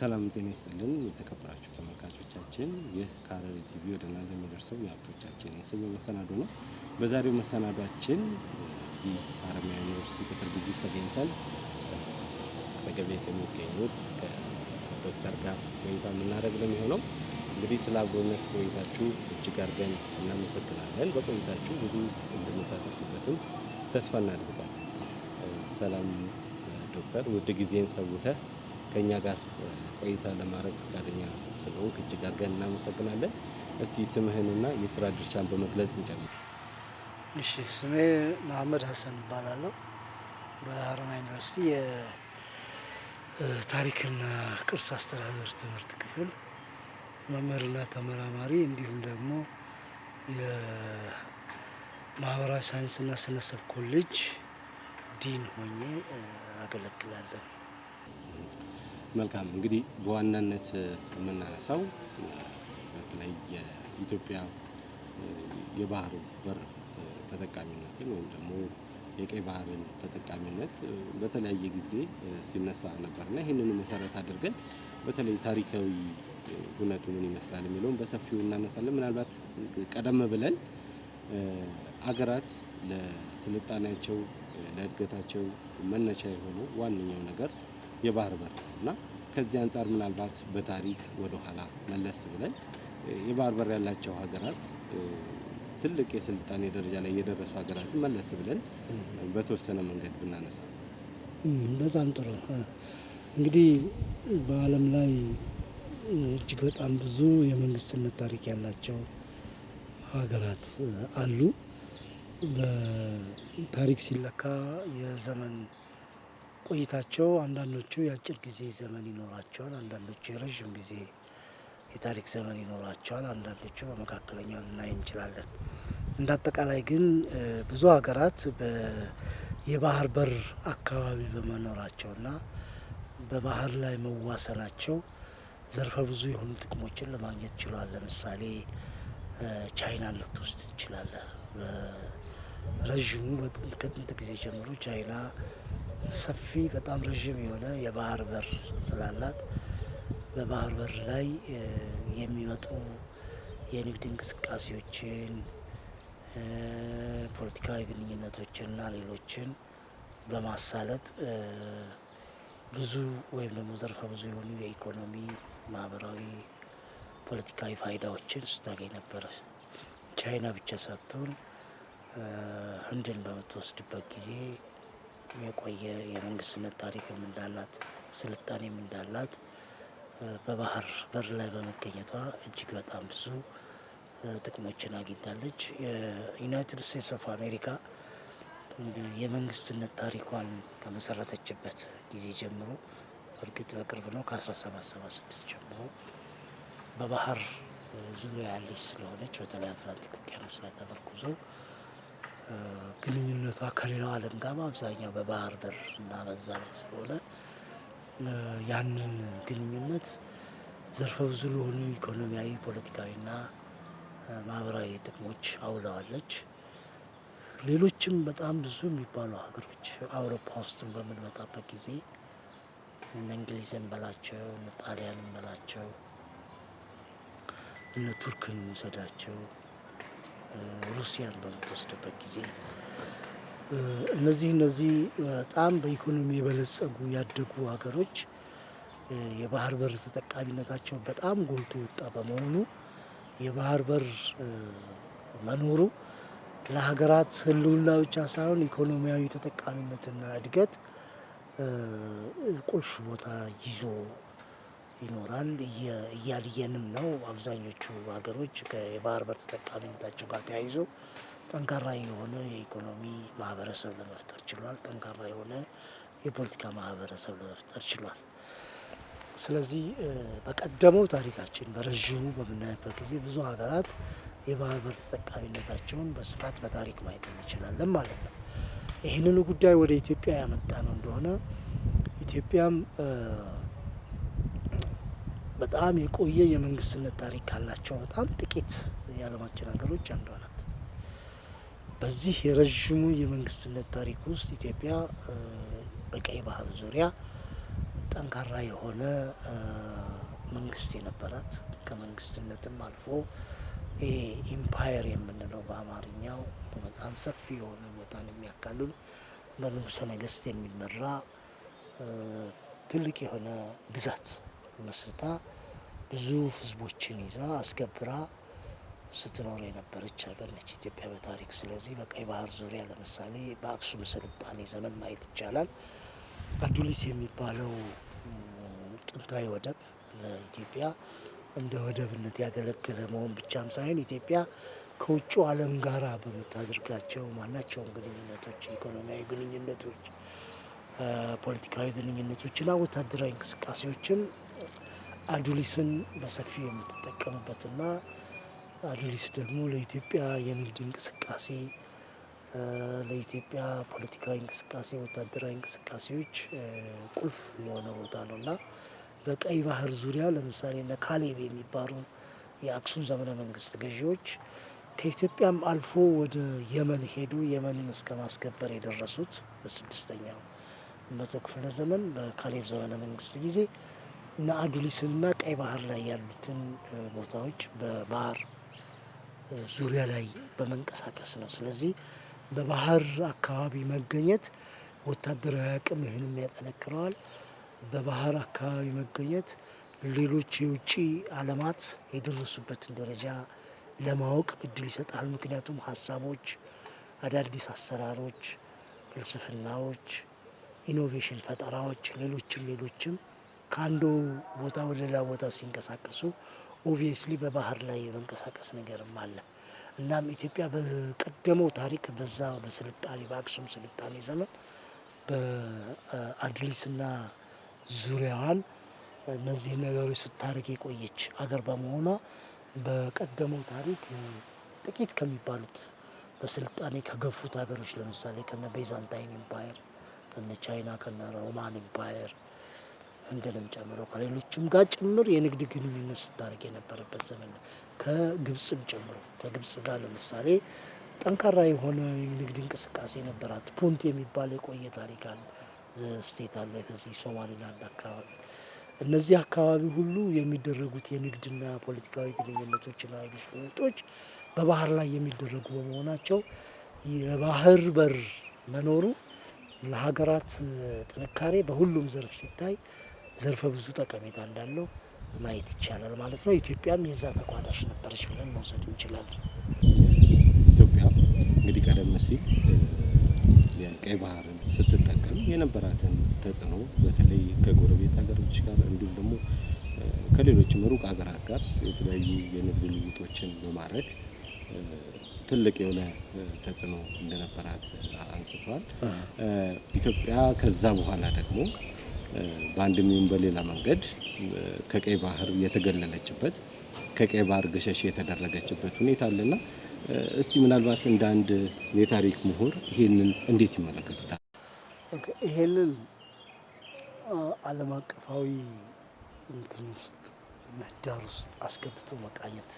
ሰላም ጤና ይስጥልን የተከበራችሁ ተመልካቾቻችን፣ ይህ ሐረሪ ቲቪ ወደ እናንተ የሚደርሰው የሀብቶቻችን የሰኞ መሰናዶ ነው። በዛሬው መሰናዷችን እዚህ ሀረማያ ዩኒቨርሲቲ ቅጥር ግቢ ውስጥ ተገኝተን አጠገቤ ከሚገኙት ከዶክተር ጋር ቆይታ የምናደርግ ነው የሚሆነው። እንግዲህ ስለ አብሮነት ቆይታችሁ እጅግ አድርገን እናመሰግናለን። በቆይታችሁ ብዙ እንደምታተፉበትም ተስፋ እናደርጋለን። ሰላም ዶክተር፣ ውድ ጊዜን ሰውተህ ከእኛ ጋር ቆይታ ለማድረግ ፈቃደኛ ስለሆንክ እጅግ አድርገን እናመሰግናለን። እስቲ ስምህንና የስራ ድርሻን በመግለጽ እንጀምር። እሺ፣ ስሜ መሀመድ ሀሰን እባላለሁ። በሀረማያ ዩኒቨርሲቲ የታሪክና ቅርስ አስተዳደር ትምህርት ክፍል መምህርና ተመራማሪ እንዲሁም ደግሞ የማህበራዊ ሳይንስና ስነሰብ ኮሌጅ ዲን ሆኜ አገለግላለሁ። መልካም እንግዲህ በዋናነት የምናነሳው በተለይ የኢትዮጵያ የባህር በር ተጠቃሚነትን ወይም ደግሞ የቀይ ባህርን ተጠቃሚነት በተለያየ ጊዜ ሲነሳ ነበርና ይህንን መሰረት አድርገን በተለይ ታሪካዊ እውነቱ ምን ይመስላል የሚለውን በሰፊው እናነሳለን። ምናልባት ቀደም ብለን አገራት ለስልጣኔያቸው ለእድገታቸው መነሻ የሆኑ ዋነኛው ነገር የባህር በር ነው እና ከዚህ አንጻር ምናልባት በታሪክ ወደኋላ መለስ ብለን የባህር በር ያላቸው ሀገራት ትልቅ የስልጣኔ ደረጃ ላይ የደረሱ ሀገራትን መለስ ብለን በተወሰነ መንገድ ብናነሳ በጣም ጥሩ። እንግዲህ በዓለም ላይ እጅግ በጣም ብዙ የመንግስትነት ታሪክ ያላቸው ሀገራት አሉ። በታሪክ ሲለካ የዘመን ቆይታቸው አንዳንዶቹ የአጭር ጊዜ ዘመን ይኖራቸዋል፣ አንዳንዶቹ የረዥም ጊዜ የታሪክ ዘመን ይኖራቸዋል፣ አንዳንዶቹ በመካከለኛው ልናይ እንችላለን። እንደ አጠቃላይ ግን ብዙ ሀገራት የባህር በር አካባቢ በመኖራቸውና በባህር ላይ መዋሰናቸው ዘርፈ ብዙ የሆኑ ጥቅሞችን ለማግኘት ችሏል። ለምሳሌ ቻይናን ልትወስድ ትችላለህ። በረዥሙ ከጥንት ጊዜ ጀምሮ ቻይና ሰፊ በጣም ረዥም የሆነ የባህር በር ስላላት በባህር በር ላይ የሚመጡ የንግድ እንቅስቃሴዎችን፣ ፖለቲካዊ ግንኙነቶችንና ሌሎችን በማሳለጥ ብዙ ወይም ደግሞ ዘርፈ ብዙ የሆኑ የኢኮኖሚ ማህበራዊ፣ ፖለቲካዊ ፋይዳዎችን ስታገኝ ነበረ። ቻይና ብቻ ሳትሆን ህንድን በምትወስድበት ጊዜ የቆየ የመንግስትነት ታሪክም እንዳላት ስልጣኔም እንዳላት በባህር በር ላይ በመገኘቷ እጅግ በጣም ብዙ ጥቅሞችን አግኝታለች። የዩናይትድ ስቴትስ ኦፍ አሜሪካ የመንግስትነት ታሪኳን ከመሰረተችበት ጊዜ ጀምሮ እርግጥ በቅርብ ነው፣ ከ1776 ጀምሮ በባህር ዙሪያ ያለች ስለሆነች በተለይ አትላንቲክ ውቅያኖስ ላይ ተመርኩዞ ግንኙነቷ ከሌላው ዓለም ጋር አብዛኛው በባህር በር እና በዛ ላይ ስለሆነ ያንን ግንኙነት ዘርፈ ብዙ ለሆኑ ኢኮኖሚያዊ፣ ፖለቲካዊና ማህበራዊ ጥቅሞች አውለዋለች። ሌሎችም በጣም ብዙ የሚባሉ ሀገሮች አውሮፓ ውስጥም በምንመጣበት ጊዜ እነ እንግሊዝን በላቸው እነ ጣሊያንን በላቸው እነ ቱርክን ውሰዳቸው ሩሲያን በምትወስድበት ጊዜ እነዚህ እነዚህ በጣም በኢኮኖሚ የበለጸጉ ያደጉ ሀገሮች የባህር በር ተጠቃሚነታቸው በጣም ጎልቶ የወጣ በመሆኑ የባህር በር መኖሩ ለሀገራት ሕልውና ብቻ ሳይሆን ኢኮኖሚያዊ ተጠቃሚነትና እድገት ቁልፍ ቦታ ይዞ ይኖራል። እያልየንም ነው። አብዛኞቹ ሀገሮች የባህር በር ተጠቃሚነታቸው ጋር ተያይዞ ጠንካራ የሆነ የኢኮኖሚ ማህበረሰብ ለመፍጠር ችሏል። ጠንካራ የሆነ የፖለቲካ ማህበረሰብ ለመፍጠር ችሏል። ስለዚህ በቀደመው ታሪካችን በረዥሙ በምናይበት ጊዜ ብዙ ሀገራት የባህር በር ተጠቃሚነታቸውን በስፋት በታሪክ ማየት እንችላለን ማለት ነው። ይህንኑ ጉዳይ ወደ ኢትዮጵያ ያመጣ ነው እንደሆነ ኢትዮጵያም በጣም የቆየ የመንግስትነት ታሪክ ካላቸው በጣም ጥቂት የዓለማችን ሀገሮች አንዷ ናት። በዚህ የረዥሙ የመንግስትነት ታሪክ ውስጥ ኢትዮጵያ በቀይ ባህር ዙሪያ ጠንካራ የሆነ መንግስት የነበራት ከመንግስትነትም አልፎ ኢምፓየር የምንለው በአማርኛው በጣም ሰፊ የሆነ ቦታን የሚያካሉን በንጉሰ ነገስት የሚመራ ትልቅ የሆነ ግዛት መስርታ ብዙ ህዝቦችን ይዛ አስገብራ ስትኖር የነበረች ሀገር ነች ኢትዮጵያ በታሪክ። ስለዚህ በቀይ ባህር ዙሪያ ለምሳሌ በአክሱም ስልጣኔ ዘመን ማየት ይቻላል። አዱሊስ የሚባለው ጥንታዊ ወደብ ለኢትዮጵያ እንደ ወደብነት ያገለገለ መሆን ብቻም ሳይሆን ኢትዮጵያ ከውጭ ዓለም ጋር በምታደርጋቸው ማናቸውም ግንኙነቶች፣ ኢኮኖሚያዊ ግንኙነቶች፣ ፖለቲካዊ ግንኙነቶችና ወታደራዊ እንቅስቃሴዎችም አዱሊስን በሰፊው የምትጠቀምበትና አዱሊስ ደግሞ ለኢትዮጵያ የንግድ እንቅስቃሴ ለኢትዮጵያ ፖለቲካዊ እንቅስቃሴ፣ ወታደራዊ እንቅስቃሴዎች ቁልፍ የሆነ ቦታ ነው እና በቀይ ባህር ዙሪያ ለምሳሌ እነ ካሌብ የሚባሉ የአክሱም ዘመነ መንግስት ገዢዎች ከኢትዮጵያም አልፎ ወደ የመን ሄዱ። የመንን እስከ ማስገበር የደረሱት በስድስተኛው መቶ ክፍለ ዘመን በካሌብ ዘመነ መንግስት ጊዜ እና አዱሊስና ቀይ ባህር ላይ ያሉትን ቦታዎች በባህር ዙሪያ ላይ በመንቀሳቀስ ነው። ስለዚህ በባህር አካባቢ መገኘት ወታደራዊ አቅም ይህንም ያጠነክረዋል። በባህር አካባቢ መገኘት ሌሎች የውጭ አለማት የደረሱበትን ደረጃ ለማወቅ እድል ይሰጣል። ምክንያቱም ሀሳቦች፣ አዳዲስ አሰራሮች፣ ፍልስፍናዎች፣ ኢኖቬሽን ፈጠራዎች፣ ሌሎችም ሌሎችም ከአንዱ ቦታ ወደ ሌላ ቦታ ሲንቀሳቀሱ ኦብቪየስሊ በባህር ላይ የመንቀሳቀስ ነገርም አለ። እናም ኢትዮጵያ በቀደመው ታሪክ በዛ በስልጣኔ በአክሱም ስልጣኔ ዘመን በአድሊስና ዙሪያዋን እነዚህ ነገሮች ስታደርግ የቆየች አገር በመሆኗ በቀደመው ታሪክ ጥቂት ከሚባሉት በስልጣኔ ከገፉት ሀገሮች ለምሳሌ ከነ ቤዛንታይን ኢምፓየር፣ ከነ ቻይና፣ ከነ ሮማን ኢምፓየር እንደ ጨምሮ ከሌሎችም ጋር ጭምር የንግድ ግንኙነት ስታደርግ የነበረበት ዘመን ነው። ከግብፅም ጨምሮ ከግብፅ ጋር ለምሳሌ ጠንካራ የሆነ ንግድ እንቅስቃሴ ነበራት። ፑንት የሚባል የቆየ ታሪክ አለ ስቴት አለ ከዚህ ሶማሌላንድ አካባቢ። እነዚህ አካባቢ ሁሉ የሚደረጉት የንግድና ፖለቲካዊ ግንኙነቶችና ለውጦች በባህር ላይ የሚደረጉ በመሆናቸው የባህር በር መኖሩ ለሀገራት ጥንካሬ በሁሉም ዘርፍ ሲታይ ዘርፈ ብዙ ጠቀሜታ እንዳለው ማየት ይቻላል ማለት ነው። ኢትዮጵያም የዛ ተቋዳሽ ነበረች ብለን መውሰድ እንችላለን። ኢትዮጵያ እንግዲህ ቀደም ሲል የቀይ ባህርን ስትጠቀም የነበራትን ተጽዕኖ በተለይ ከጎረቤት ሀገሮች ጋር እንዲሁም ደግሞ ከሌሎችም ሩቅ ሀገራት ጋር የተለያዩ የንግድ ልውጦችን በማድረግ ትልቅ የሆነ ተጽዕኖ እንደነበራት አንስተዋል። ኢትዮጵያ ከዛ በኋላ ደግሞ በአንድም ይሁን በሌላ መንገድ ከቀይ ባህር የተገለለችበት ከቀይ ባህር ገሸሽ የተደረገችበት ሁኔታ አለና እስቲ ምናልባት እንደ አንድ የታሪክ ምሁር ይሄንን እንዴት ይመለከቱታል? ይሄንን ዓለም አቀፋዊ እንትን ውስጥ ምህዳር ውስጥ አስገብቶ መቃኘት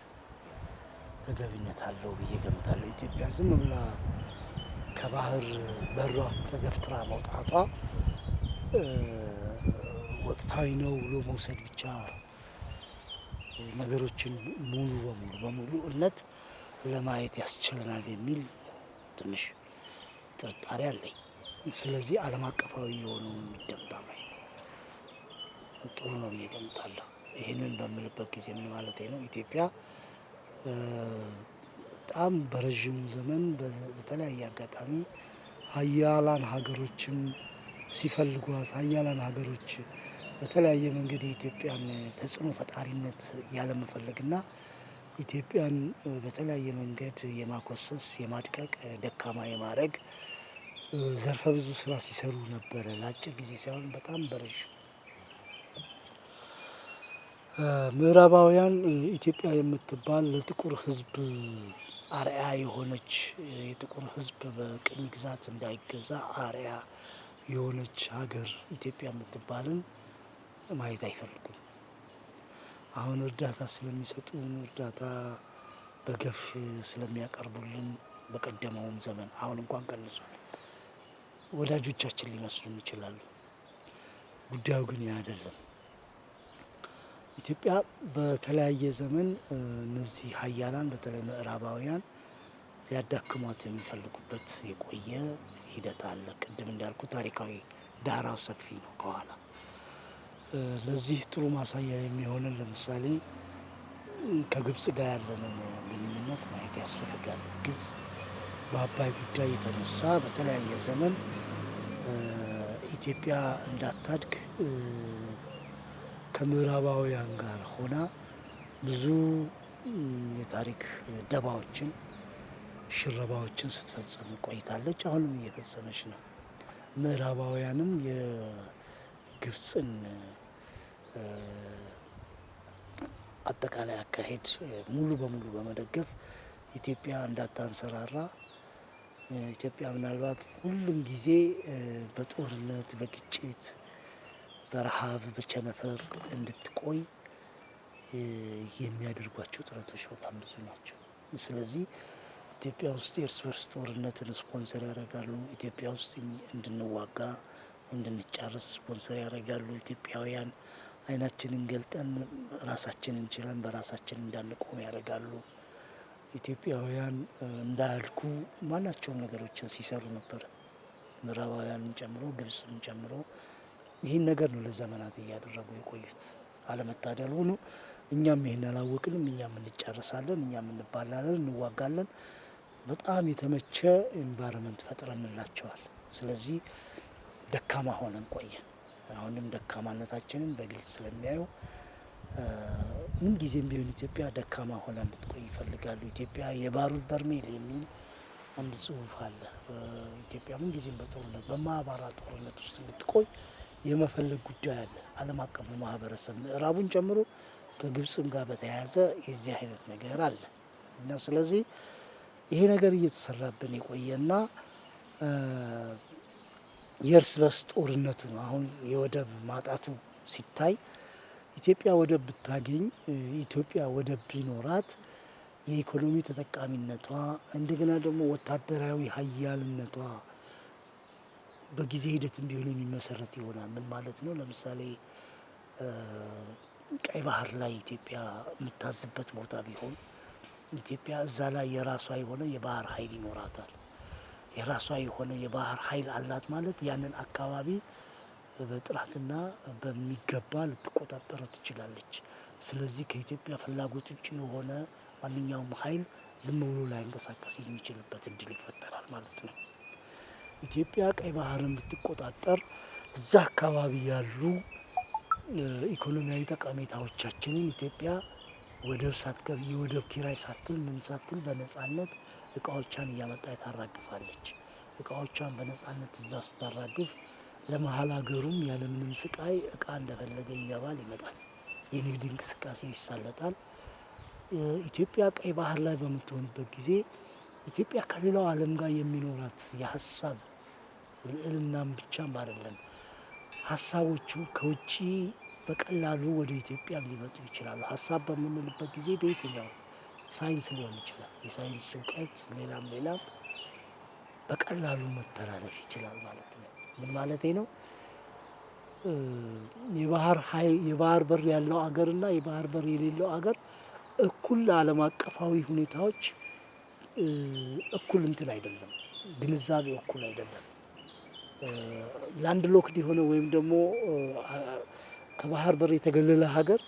ተገቢነት አለው ብዬ ገምታለሁ። ኢትዮጵያ ዝም ብላ ከባህር በሯ ተገፍትራ መውጣቷ ወቅታዊ ነው ብሎ መውሰድ ብቻ ነገሮችን ሙሉ በሙሉ በሙሉ እነት ለማየት ያስችለናል የሚል ትንሽ ጥርጣሬ አለኝ። ስለዚህ ዓለም አቀፋዊ የሆነውን የሚደምጣ ማየት ጥሩ ነው ብዬ እገምታለሁ። ይህንን በምልበት ጊዜ ምን ማለት ነው? ኢትዮጵያ በጣም በረዥሙ ዘመን በተለያየ አጋጣሚ ሀያላን ሀገሮችም ሲፈልጓት ሀያላን ሀገሮች በተለያየ መንገድ የኢትዮጵያን ተጽዕኖ ፈጣሪነት ያለመፈለግና ኢትዮጵያን በተለያየ መንገድ የማኮሰስ የማድቀቅ ደካማ የማድረግ ዘርፈ ብዙ ስራ ሲሰሩ ነበረ። ለአጭር ጊዜ ሳይሆን በጣም በረዥም ምዕራባውያን ኢትዮጵያ የምትባል ለጥቁር ሕዝብ አርአያ የሆነች የጥቁር ሕዝብ በቅኝ ግዛት እንዳይገዛ አርአያ የሆነች ሀገር ኢትዮጵያ የምትባልን ማየት አይፈልጉም። አሁን እርዳታ ስለሚሰጡን እርዳታ በገፍ ስለሚያቀርቡልን በቀደመውም ዘመን አሁን እንኳን ቀንሶ ወዳጆቻችን ሊመስሉን ይችላሉ። ጉዳዩ ግን ያ አይደለም። ኢትዮጵያ በተለያየ ዘመን እነዚህ ሀያላን በተለይ ምዕራባውያን ሊያዳክሟት የሚፈልጉበት የቆየ ሂደት አለ። ቅድም እንዳልኩ ታሪካዊ ዳራው ሰፊ ነው ከኋላ ለዚህ ጥሩ ማሳያ የሚሆንን ለምሳሌ ከግብጽ ጋር ያለንን ግንኙነት ማየት ያስፈልጋል። ግብጽ በአባይ ጉዳይ የተነሳ በተለያየ ዘመን ኢትዮጵያ እንዳታድግ ከምዕራባውያን ጋር ሆና ብዙ የታሪክ ደባዎችን፣ ሽረባዎችን ስትፈጸም ቆይታለች። አሁንም እየፈጸመች ነው። ምዕራባውያንም የግብፅን አጠቃላይ አካሄድ ሙሉ በሙሉ በመደገፍ ኢትዮጵያ እንዳታንሰራራ ኢትዮጵያ ምናልባት ሁሉም ጊዜ በጦርነት፣ በግጭት፣ በረሃብ፣ በቸነፈር እንድትቆይ የሚያደርጓቸው ጥረቶች በጣም ብዙ ናቸው። ስለዚህ ኢትዮጵያ ውስጥ የእርስ በርስ ጦርነትን ስፖንሰር ያደርጋሉ። ኢትዮጵያ ውስጥ እንድንዋጋ እንድንጫረስ ስፖንሰር ያደርጋሉ ኢትዮጵያውያን አይናችንን ገልጠን ራሳችንን ችለን በራሳችን እንዳንቆም ያደርጋሉ። ኢትዮጵያውያን እንዳያድጉ ማናቸውም ነገሮችን ሲሰሩ ነበር፣ ምዕራባውያንን ጨምሮ ግብፅን ጨምሮ ይህን ነገር ነው ለዘመናት እያደረጉ የቆዩት። አለመታደል ሆኖ እኛም ይህን አላወቅንም። እኛም እንጨረሳለን፣ እኛም እንባላለን፣ እንዋጋለን። በጣም የተመቸ ኤንቫይሮመንት ፈጥረንላቸዋል። ስለዚህ ደካማ ሆነን ቆየን። አሁንም ደካማነታችንን በግልጽ ስለሚያዩ ምን ጊዜም ቢሆን ኢትዮጵያ ደካማ ሆና ልትቆይ ይፈልጋሉ። ኢትዮጵያ የባሩድ በርሜል የሚል አንድ ጽሁፍ አለ። ኢትዮጵያ ምን ጊዜም በጦርነት በማያባራ ጦርነት ውስጥ እንድትቆይ የመፈለግ ጉዳይ አለ። ዓለም አቀፉ ማህበረሰብ ምዕራቡን ጨምሮ ከግብፅም ጋር በተያያዘ የዚህ አይነት ነገር አለ እና ስለዚህ ይሄ ነገር እየተሰራብን የቆየና የእርስ በርስ ጦርነቱ አሁን የወደብ ማጣቱ ሲታይ ኢትዮጵያ ወደብ ብታገኝ ኢትዮጵያ ወደብ ቢኖራት የኢኮኖሚ ተጠቃሚነቷ እንደገና ደግሞ ወታደራዊ ሀያልነቷ በጊዜ ሂደትም ቢሆን የሚመሰረት ይሆናል። ምን ማለት ነው? ለምሳሌ ቀይ ባህር ላይ ኢትዮጵያ የምታዝበት ቦታ ቢሆን ኢትዮጵያ እዛ ላይ የራሷ የሆነ የባህር ኃይል ይኖራታል። የራሷ የሆነ የባህር ኃይል አላት ማለት ያንን አካባቢ በጥራትና በሚገባ ልትቆጣጠረ ትችላለች። ስለዚህ ከኢትዮጵያ ፍላጎት ውጭ የሆነ ማንኛውም ኃይል ዝም ብሎ ላይንቀሳቀስ የሚችልበት እድል ይፈጠራል ማለት ነው። ኢትዮጵያ ቀይ ባህርን ብትቆጣጠር እዛ አካባቢ ያሉ ኢኮኖሚያዊ ጠቀሜታዎቻችንን ኢትዮጵያ ወደብ ሳትገብ የወደብ ኪራይ ሳትል ምን ሳትል በነጻነት እቃዎቿን እያመጣ ታራግፋለች። እቃዎቿን በነጻነት እዛ ስታራግፍ ለመሀል ሀገሩም ያለምንም ስቃይ እቃ እንደፈለገ ይገባል፣ ይመጣል። የንግድ እንቅስቃሴ ይሳለጣል። ኢትዮጵያ ቀይ ባህር ላይ በምትሆንበት ጊዜ ኢትዮጵያ ከሌላው ዓለም ጋር የሚኖራት የሀሳብ ልዕልናም ብቻም አይደለም። ሀሳቦቹ ከውጭ በቀላሉ ወደ ኢትዮጵያ ሊመጡ ይችላሉ። ሀሳብ በምንልበት ጊዜ በየትኛው ሳይንስ ሊሆን ይችላል። የሳይንስ እውቀት ሌላም ሌላም በቀላሉ መተላለፍ ይችላል ማለት ነው። ምን ማለቴ ነው? የባህር ኃይል የባህር በር ያለው እና የባህር በር የሌለው አገር እኩል ዓለም አቀፋዊ ሁኔታዎች እኩል እንትን አይደለም፣ ግንዛቤ እኩል አይደለም። ላንድ ሎክድ የሆነ ወይም ደግሞ ከባህር በር የተገለለ ሀገር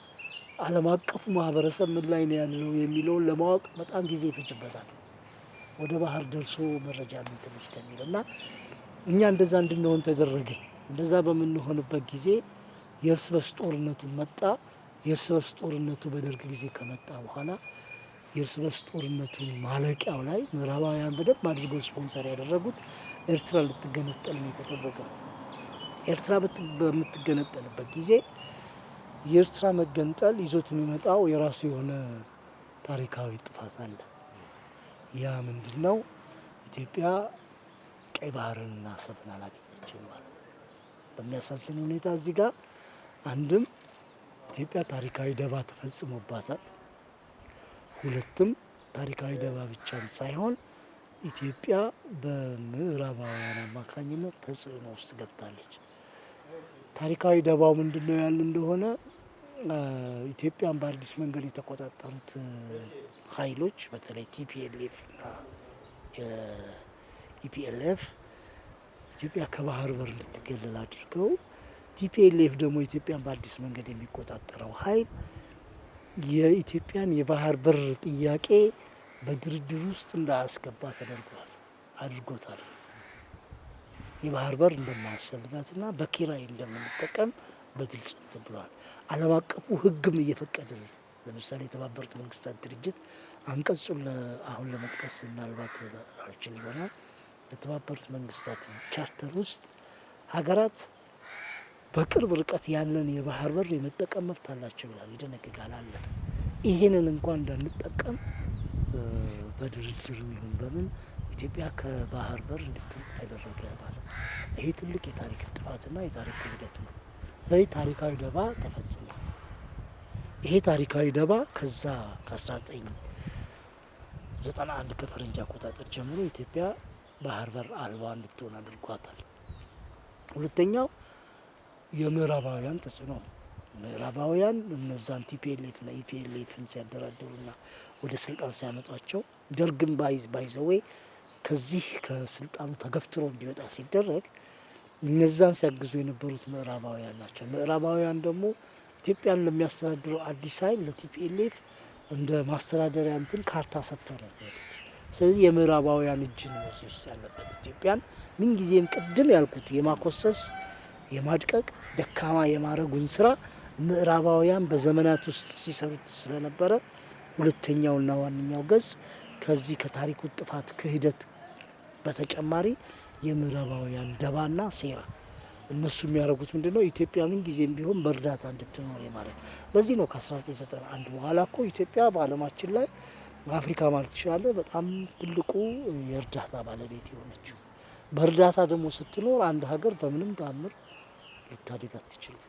ዓለም አቀፉ ማህበረሰብ ምን ላይ ነው ያለው የሚለውን ለማወቅ በጣም ጊዜ ይፈጅበታል። ወደ ባህር ደርሶ መረጃ እንትን እስከሚል እና እኛ እንደዛ እንድንሆን ተደረገ። እንደዛ በምንሆንበት ጊዜ የእርስ በርስ ጦርነቱ መጣ። የእርስ በርስ ጦርነቱ በደርግ ጊዜ ከመጣ በኋላ የእርስ በርስ ጦርነቱ ማለቂያው ላይ ምዕራባውያን በደንብ አድርገው ስፖንሰር ያደረጉት ኤርትራ ልትገነጠል ነው ኤርትራ በምትገነጠልበት ጊዜ የኤርትራ መገንጠል ይዞት የሚመጣው የራሱ የሆነ ታሪካዊ ጥፋት አለ። ያ ምንድን ነው? ኢትዮጵያ ቀይ ባህርንና አሰብን አላገኘችም ማለት ነው። በሚያሳዝን ሁኔታ እዚህ ጋር አንድም ኢትዮጵያ ታሪካዊ ደባ ተፈጽሞባታል። ሁለትም ታሪካዊ ደባ ብቻም ሳይሆን ኢትዮጵያ በምዕራባውያን አማካኝነት ተጽዕኖ ውስጥ ገብታለች። ታሪካዊ ደባው ምንድን ነው ያል እንደሆነ ኢትዮጵያን በአዲስ መንገድ የተቆጣጠሩት ኃይሎች በተለይ ቲፒኤልኤፍ እና ኢፒኤልኤፍ ኢትዮጵያ ከባህር በር እንድትገለል አድርገው ቲፒኤልኤፍ ደግሞ ኢትዮጵያን በአዲስ መንገድ የሚቆጣጠረው ኃይል የኢትዮጵያን የባህር በር ጥያቄ በድርድር ውስጥ እንዳያስገባ ተደርጓል አድርጎታል። የባህር በር እንደማያስፈልጋትና በኪራይ እንደምንጠቀም በግልጽ ብለዋል። ዓለም አቀፉ ህግም እየፈቀደ ለምሳሌ የተባበሩት መንግስታት ድርጅት አንቀጹን አሁን ለመጥቀስ ምናልባት አልችል ይሆናል። የተባበሩት መንግስታት ቻርተር ውስጥ ሀገራት በቅርብ ርቀት ያለን የባህር በር የመጠቀም መብት አላቸው ይላል፣ ይደነግጋል አለ። ይህንን እንኳን እንዳንጠቀም በድርድር ይሁን በምን ኢትዮጵያ ከባህር በር እንድትርቅ ተደረገ ማለት ነው። ይሄ ትልቅ የታሪክ ጥፋትና የታሪክ ክህደት ነው። ይህ ታሪካዊ ደባ ተፈጽሟል። ይሄ ታሪካዊ ደባ ከዛ ከ1991 ከፈረንጅ አቆጣጠር ጀምሮ ኢትዮጵያ ባህር በር አልባ እንድትሆን አድርጓታል። ሁለተኛው የምዕራባውያን ተጽዕኖ ነው። ምዕራባውያን እነዛን ቲፒኤልኤፍና ኢፒኤልኤፍን ሲያደራደሩና ወደ ስልጣን ሲያመጧቸው ደርግም ባይዘዌ ከዚህ ከስልጣኑ ተገፍትሮ እንዲወጣ ሲደረግ እነዛን ሲያግዙ የነበሩት ምዕራባውያን ናቸው። ምዕራባውያን ደግሞ ኢትዮጵያን ለሚያስተዳድረው አዲስ ኃይል ለቲፒኤልኤፍ እንደ ማስተዳደሪያ እንትን ካርታ ሰጥተው ነበር። ስለዚህ የምዕራባውያን እጅ ነው ውስጥ ያለበት። ኢትዮጵያን ምንጊዜም ቅድም ያልኩት የማኮሰስ የማድቀቅ ደካማ የማረጉን ስራ ምዕራባውያን በዘመናት ውስጥ ሲሰሩት ስለነበረ ሁለተኛውና ዋነኛው ገጽ ከዚህ ከታሪኩ ጥፋት ክህደት በተጨማሪ የምዕራባውያን ደባና ሴራ እነሱ የሚያደርጉት ምንድን ነው? ኢትዮጵያ ምን ጊዜም ቢሆን በእርዳታ እንድትኖር ማለት ነው። ለዚህ ነው ከ1991 በኋላ እኮ ኢትዮጵያ በዓለማችን ላይ አፍሪካ ማለት ትችላለ በጣም ትልቁ የእርዳታ ባለቤት የሆነችው። በእርዳታ ደግሞ ስትኖር አንድ ሀገር በምንም ተአምር ልታድግ አትችልም።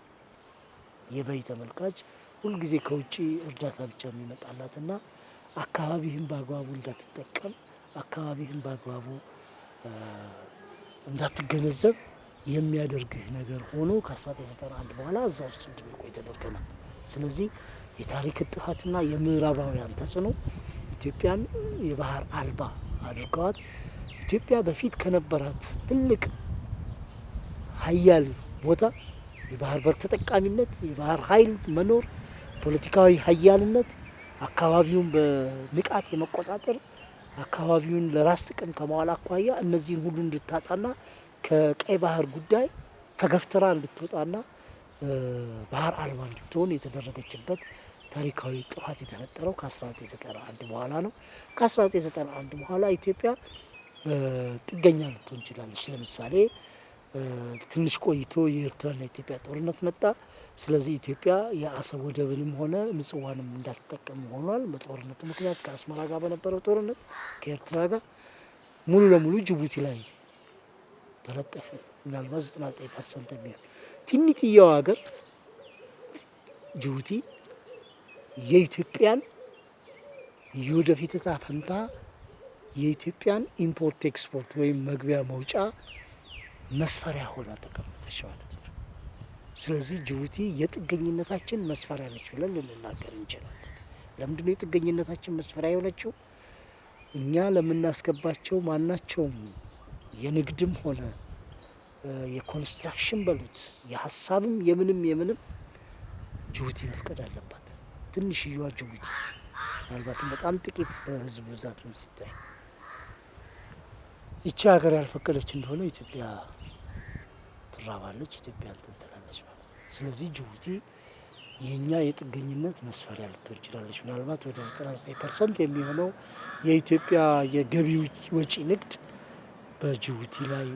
የበይ ተመልካች ሁልጊዜ ከውጭ እርዳታ ብቻ የሚመጣላትና አካባቢህን በአግባቡ እንዳትጠቀም አካባቢህን በአግባቡ እንዳትገነዘብ የሚያደርግህ ነገር ሆኖ ከ1991 በኋላ እዛ ውስጥ እንድንቆይ ተደርገናል። ስለዚህ የታሪክ ጥፋትና የምዕራባውያን ተጽዕኖ ኢትዮጵያን የባህር አልባ አድርገዋት ኢትዮጵያ በፊት ከነበራት ትልቅ ሀያል ቦታ የባህር በር ተጠቃሚነት፣ የባህር ኃይል መኖር፣ ፖለቲካዊ ሀያልነት፣ አካባቢውን በንቃት የመቆጣጠር አካባቢውን ለራስ ጥቅም ከመዋል አኳያ እነዚህን ሁሉ እንድታጣና ከቀይ ባህር ጉዳይ ተገፍትራ እንድትወጣና ባህር አልባ እንድትሆን የተደረገችበት ታሪካዊ ጥፋት የተፈጠረው ከ1991 በኋላ ነው። ከ1991 በኋላ ኢትዮጵያ ጥገኛ ልትሆን ይችላለች ለምሳሌ ትንሽ ቆይቶ የኤርትራና የኢትዮጵያ ጦርነት መጣ። ስለዚህ ኢትዮጵያ የአሰብ ወደብንም ሆነ ምጽዋንም እንዳትጠቀም ሆኗል። በጦርነት ምክንያት ከአስመራ ጋር በነበረው ጦርነት ከኤርትራ ጋር ሙሉ ለሙሉ ጅቡቲ ላይ ተለጠፈ። ምናልባት 99 ፐርሰንት የሚሆን ትንሽየዋ ሀገር ጅቡቲ የኢትዮጵያን የወደፊት እጣ ፈንታ የኢትዮጵያን ኢምፖርት ኤክስፖርት ወይም መግቢያ መውጫ መስፈሪያ ሆና ተቀመጠች ማለት ነው። ስለዚህ ጅቡቲ የጥገኝነታችን መስፈሪያ ነች ብለን ልንናገር እንችላለን። ለምንድነው የጥገኝነታችን መስፈሪያ የሆነችው? እኛ ለምናስገባቸው ማናቸውም የንግድም ሆነ የኮንስትራክሽን በሉት የሀሳብም የምንም የምንም ጅቡቲ መፍቀድ አለባት። ትንሽየዋ ጅቡቲ ምናልባትም በጣም ጥቂት በህዝብ ብዛትም ስታይ ይቺ ሀገር ያልፈቀደች እንደሆነ ኢትዮጵያ ትራባለች። ኢትዮጵያ እንትን ስለዚህ ጅቡቲ የእኛ የጥገኝነት መስፈሪያ ልትሆን ይችላለች። ምናልባት ወደ 99 ፐርሰንት የሚሆነው የኢትዮጵያ የገቢ ወጪ ንግድ በጅቡቲ ላይ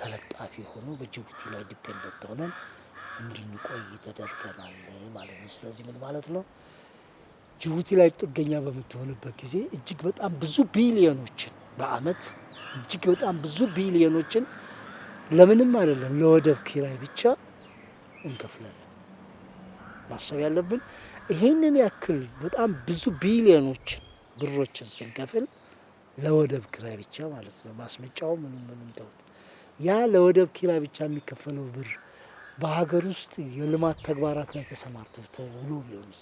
ተለጣፊ ሆኖ በጅቡቲ ላይ ዲፔንደንት ሆነን እንድንቆይ ተደርገናል ማለት ነው። ስለዚህ ምን ማለት ነው? ጅቡቲ ላይ ጥገኛ በምትሆንበት ጊዜ እጅግ በጣም ብዙ ቢሊዮኖችን በአመት እጅግ በጣም ብዙ ቢሊዮኖችን ለምንም አይደለም፣ ለወደብ ኪራይ ብቻ እንከፍላለን። ማሰብ ያለብን ይህንን ያክል በጣም ብዙ ቢሊዮኖችን ብሮችን ስንከፍል ለወደብ ኪራይ ብቻ ማለት ነው። ማስመጫው ምንም ምንም ተውት። ያ ለወደብ ኪራይ ብቻ የሚከፈለው ብር በሀገር ውስጥ የልማት ተግባራት ላይ ተሰማርተው ተውሎ ቢሆን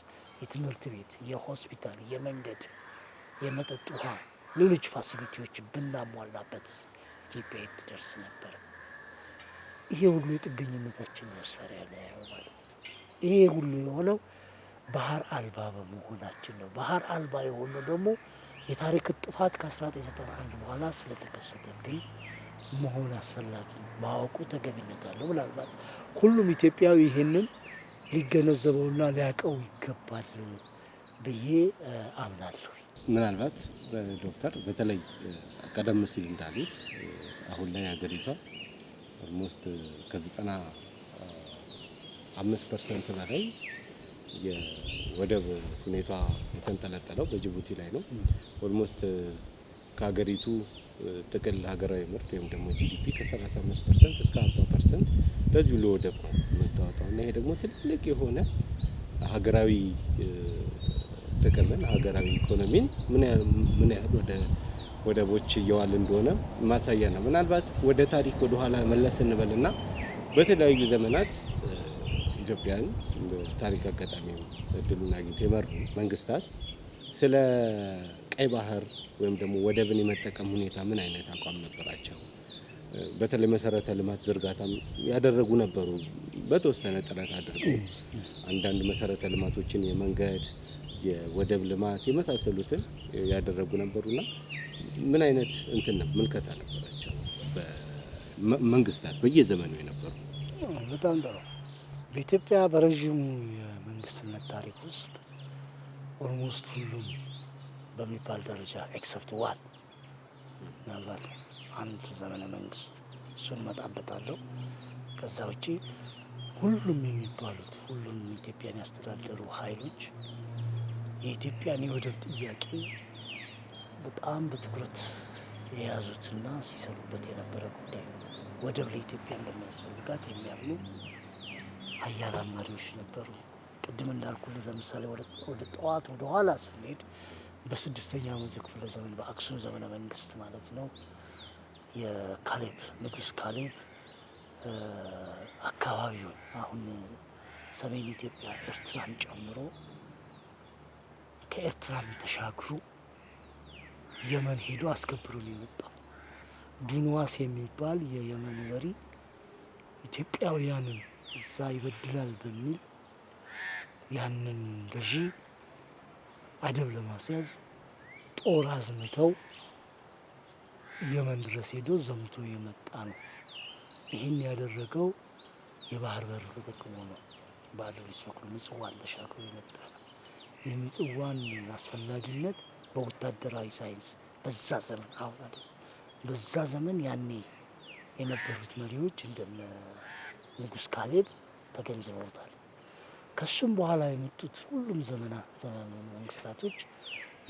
የትምህርት ቤት፣ የሆስፒታል፣ የመንገድ፣ የመጠጥ ውሃ፣ ሌሎች ፋሲሊቲዎች ብናሟላበት ኢትዮጵያ የት ደርስ ነበር? ይሄ ሁሉ የጥገኝነታችን መስፈሪያ ነው ማለት ነው። ይሄ ሁሉ የሆነው ባህር አልባ በመሆናችን ነው። ባህር አልባ የሆነው ደግሞ የታሪክ ጥፋት ከ1991 በኋላ ስለተከሰተብን መሆን አስፈላጊ ማወቁ ተገቢነት አለው። ምናልባት ሁሉም ኢትዮጵያዊ ይህንን ሊገነዘበውና ሊያውቀው ይገባል ብዬ አምናለሁ። ምናልባት ዶክተር፣ በተለይ ቀደም ሲል እንዳሉት አሁን ላይ ሀገሪቷ ኦልሞስት ከዘጠና አምስት ፐርሰንት በላይ የወደብ ሁኔታ የተንጠለጠለው በጅቡቲ ላይ ነው። ኦልሞስት ከሀገሪቱ ጥቅል ሀገራዊ ምርት ወይም ደግሞ ጂዲፒ ከ35 ፐርሰንት እስከ 40 ፐርሰንት ለዚሁ ለወደብ ነው የምታወጣው እና ይሄ ደግሞ ትልቅ የሆነ ሀገራዊ ጥቅምን ሀገራዊ ኢኮኖሚን ምን ያህል ወደ ወደቦች እየዋል እንደሆነ ማሳያ ነው። ምናልባት ወደ ታሪክ ወደኋላ መለስ እንበልና በተለያዩ ዘመናት ኢትዮጵያን ታሪክ አጋጣሚ እድሉን አግኝቶ የመሩ መንግስታት ስለ ቀይ ባህር ወይም ደግሞ ወደብን የመጠቀም ሁኔታ ምን አይነት አቋም ነበራቸው? በተለይ መሰረተ ልማት ዝርጋታም ያደረጉ ነበሩ። በተወሰነ ጥረት አድርገው አንዳንድ መሰረተ ልማቶችን የመንገድ፣ የወደብ ልማት የመሳሰሉትን ያደረጉ ነበሩና ምን አይነት እንትን ነው ምልከታ ነበራቸው? መንግስታት በየዘመኑ የነበሩ በጣም ጥሩ። በኢትዮጵያ በረዥሙ የመንግስትነት ታሪክ ውስጥ ኦልሞስት ሁሉም በሚባል ደረጃ ኤክሰፕት ዋን ምናልባት አንድ ዘመነ መንግስት እሱን መጣበታለሁ። ከዛ ውጪ ሁሉም የሚባሉት ሁሉም ኢትዮጵያን ያስተዳደሩ ኃይሎች የኢትዮጵያን የወደብ ጥያቄ በጣም በትኩረት የያዙትና ሲሰሩበት የነበረ ጉዳይ ነው። ወደብ ለኢትዮጵያ እንደሚያስፈልጋት የሚያምኑ ሀያላን መሪዎች ነበሩ። ቅድም እንዳልኩ ለምሳሌ ወደ ጠዋት ወደ ኋላ ስንሄድ በስድስተኛ መቶ ክፍለ ዘመን በአክሱም ዘመነ መንግስት ማለት ነው የካሌብ ንጉስ ካሌብ አካባቢውን አሁን ሰሜን ኢትዮጵያ ኤርትራን ጨምሮ ከኤርትራን ተሻግሩ የመን ሄዶ አስከብሮ ነው የመጣው። ዱንዋስ የሚባል የየመን ወሪ ኢትዮጵያውያንን እዛ ይበድላል በሚል ያንን ገዢ አደብ ለማስያዝ ጦር አዝምተው የመን ድረስ ሄዶ ዘምቶ የመጣ ነው። ይህን ያደረገው የባህር በር ተጠቅሞ ነው። በአደብ በኩል ምጽዋን ተሻግሮ የመጣ ነው። የምጽዋን አስፈላጊነት በወታደራዊ ሳይንስ በዛ ዘመን አሁን አለ በዛ ዘመን ያኔ የነበሩት መሪዎች እንደነ ንጉስ ካሌብ ተገንዝበውታል። ከሱም በኋላ የመጡት ሁሉም ዘመና ዘመን መንግስታቶች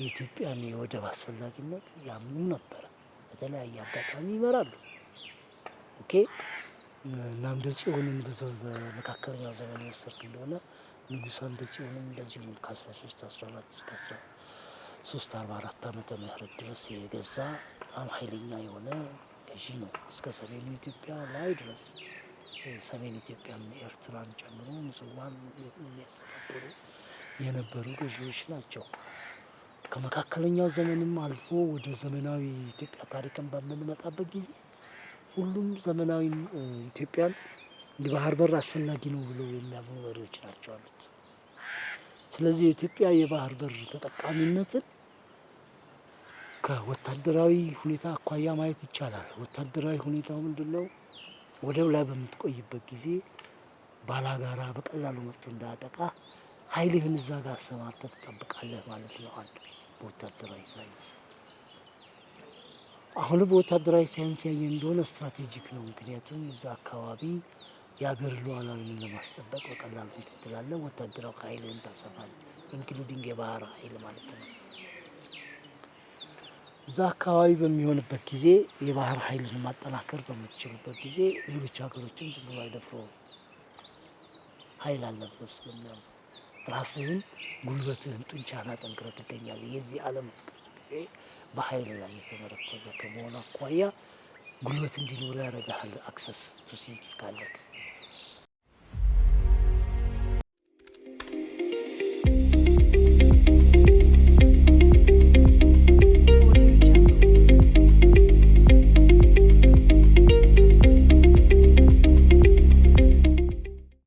የኢትዮጵያን የወደብ አስፈላጊነት ያምኑ ነበረ። በተለያየ አጋጣሚ ይመራሉ። ኦኬ እናም አምደ ጽዮንም በመካከለኛው ዘመን የወሰድክ እንደሆነ ንጉሳን አምደ ጽዮንም እንደዚሁ ከ13 14 እስከ ሶስት አርባ አራት ዓመተ ምህረት ድረስ የገዛ በጣም ኃይለኛ የሆነ ገዢ ነው። እስከ ሰሜኑ ኢትዮጵያ ላይ ድረስ ሰሜን ኢትዮጵያን ኤርትራን ጨምሮ ምጽዋን የሚያስተዳድሩ የነበሩ ገዢዎች ናቸው። ከመካከለኛው ዘመንም አልፎ ወደ ዘመናዊ ኢትዮጵያ ታሪክን በምንመጣበት ጊዜ ሁሉም ዘመናዊ ኢትዮጵያን እንዲህ ባህር በር አስፈላጊ ነው ብለው የሚያምኑ መሪዎች ናቸው አሉት። ስለዚህ የኢትዮጵያ የባህር በር ተጠቃሚነትን ከወታደራዊ ሁኔታ አኳያ ማየት ይቻላል። ወታደራዊ ሁኔታው ምንድን ነው? ወደብ ላይ በምትቆይበት ጊዜ ባላጋራ በቀላሉ መጥቶ እንዳያጠቃ ኃይልህን እዛ ጋር አሰማርተህ ትጠብቃለህ ማለት ነው። አንድ በወታደራዊ ሳይንስ አሁን በወታደራዊ ሳይንስ ያየ እንደሆነ ስትራቴጂክ ነው። ምክንያቱም እዛ አካባቢ የሀገር ሉዓላዊነትን ለማስጠበቅ በቀላሉ ትትላለ ወታደራዊ ኃይልህን ታሰፋል። ኢንክሉዲንግ የባህር ኃይል ማለት ነው። እዛ አካባቢ በሚሆንበት ጊዜ የባህር ኃይልን ማጠናከር በምትችሉበት ጊዜ ሌሎች ሀገሮችም ዝም ብሎ አይደፍሮ ኃይል አለበት ስለሚያሉ ራስህን፣ ጉልበትህን፣ ጡንቻህን አጠንክረህ ትገኛለህ። የዚህ ዓለም ብዙ ጊዜ በኃይል ላይ የተመረኮዘ ከመሆን አኳያ ጉልበት እንዲኖር ያደርግሃል። አክሰስ ቱሲ ካለክ